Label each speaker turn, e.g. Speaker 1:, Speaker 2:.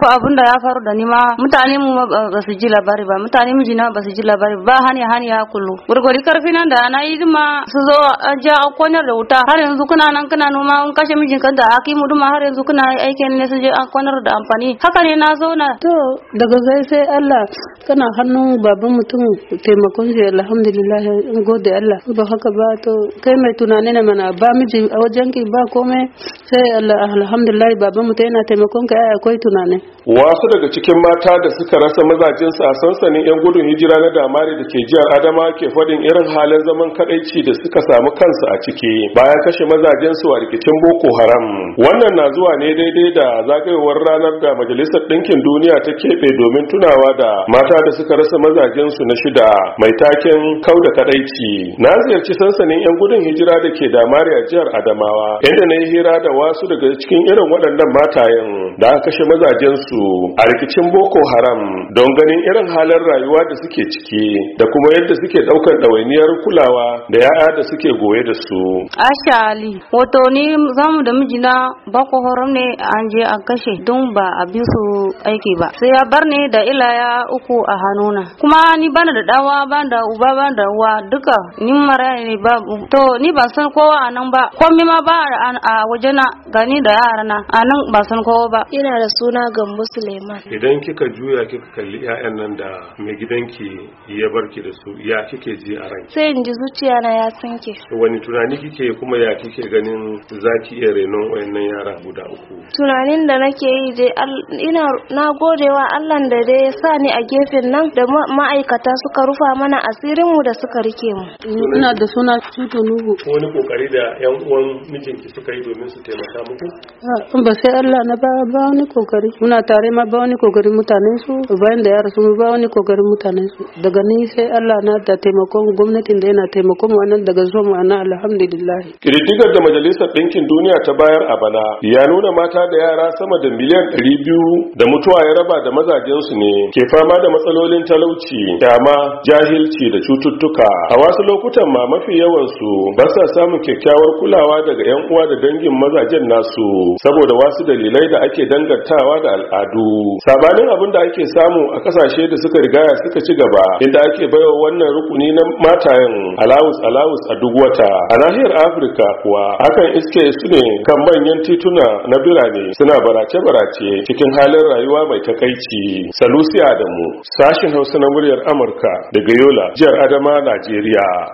Speaker 1: fa abun da ya faru da ni ma mutane mu ba su ji labari ba mutane mu jina ba su ji labari ba hani hani ya kullu gurguri karfi nan da na yi ma su zo ja a kwanar da wuta har yanzu kuna nan kana noma an kashe mijin kan da haki mu duma har yanzu kuna aikin ne su je an kwanar da amfani haka ne na zauna to
Speaker 2: daga zai sai Allah kana hannun baban mutum taimakon shi alhamdulillah in gode Allah ba haka ba to kai mai tunani ne mana ba miji a wajen ki ba komai sai Allah alhamdulillah baban mutum yana taimakon ka akwai tunani
Speaker 3: wasu daga cikin mata da suka rasa mazajensu a sansanin 'yan gudun hijira na damari da ke jihar adama ke faɗin irin halin zaman kadaici da suka samu kansu a ciki bayan kashe mazajensu a rikicin boko haram wannan na zuwa ne daidai da zagayowar ranar da majalisar ɗinkin duniya ta keɓe domin tunawa da mata da suka rasa mazajensu na shida mai taken kau da kadaici na ziyarci sansanin 'yan gudun hijira da ke damari a jihar adamawa inda na yi hira da wasu daga cikin irin waɗannan matayen da aka kashe su a rikicin boko haram don ganin irin halar rayuwa da suke ciki da kuma yadda suke ɗaukar ɗawainiyar kulawa da ya'ya da suke goye da su
Speaker 1: asha ali wato ni zamu da mijina boko haram ne an je an kashe don ba a su aiki ba sai ya bar ne da ilaya uku a hannuna kuma ni bana da dawa bana da uba bana da uwa duka ni mara ne ba to ni ba san kowa a ba komai ma ba a wajena gani da yarana anan nan ba san kowa ba yana da suna Gambo Suleiman.
Speaker 3: Idan kika juya kika kalli 'ya'yan nan da mai gidanki ya barki da su ya kike ji a ranki?
Speaker 1: Sai in ji zuciya na ya sanke.
Speaker 3: Wani tunani kike kuma ya kike ganin zaki iya renon wayannan yara guda uku?
Speaker 1: Tunanin da nake yi dai ina na gode wa Allah da dai ya sa ni a gefen nan da ma'aikata suka rufa mana asirin mu da suka rike mu. Ina
Speaker 2: da suna Tuto Nuhu. Wani kokari
Speaker 3: da 'yan uwan mijinki suka yi domin su taimaka muku?
Speaker 2: Ba sai Allah na ba kokari muna tare ma bani wani kokari mutane su bayan da ya rasu bani wani kokari mutane su daga ni sai Allah na da taimakon gwamnatin da yana taimakon mu anan daga zuwa mu anan alhamdulillah
Speaker 3: kritikar da majalisar ɗinkin duniya ta bayar a bana ya nuna mata da yara sama da miliyan ɗari biyu da mutuwa ya raba da mazajen su ne ke fama da matsalolin talauci dama jahilci da cututtuka a wasu lokutan ma mafi yawan su ba sa samun kyakkyawar kulawa daga yan uwa da dangin mazajen nasu saboda wasu dalilai da ake dangantawa da al'adu sabanin abin da ake samu a kasashe da suka rigaya suka ci gaba inda ake baiwa wannan rukuni na matayen alawus alawus a duk wata a nahiyar afirka kuwa hakan iske su ne kan manyan tituna na birane suna barace barace cikin halin rayuwa mai takaici salusi adamu sashin hausa na muryar amurka daga yola jihar adama najeriya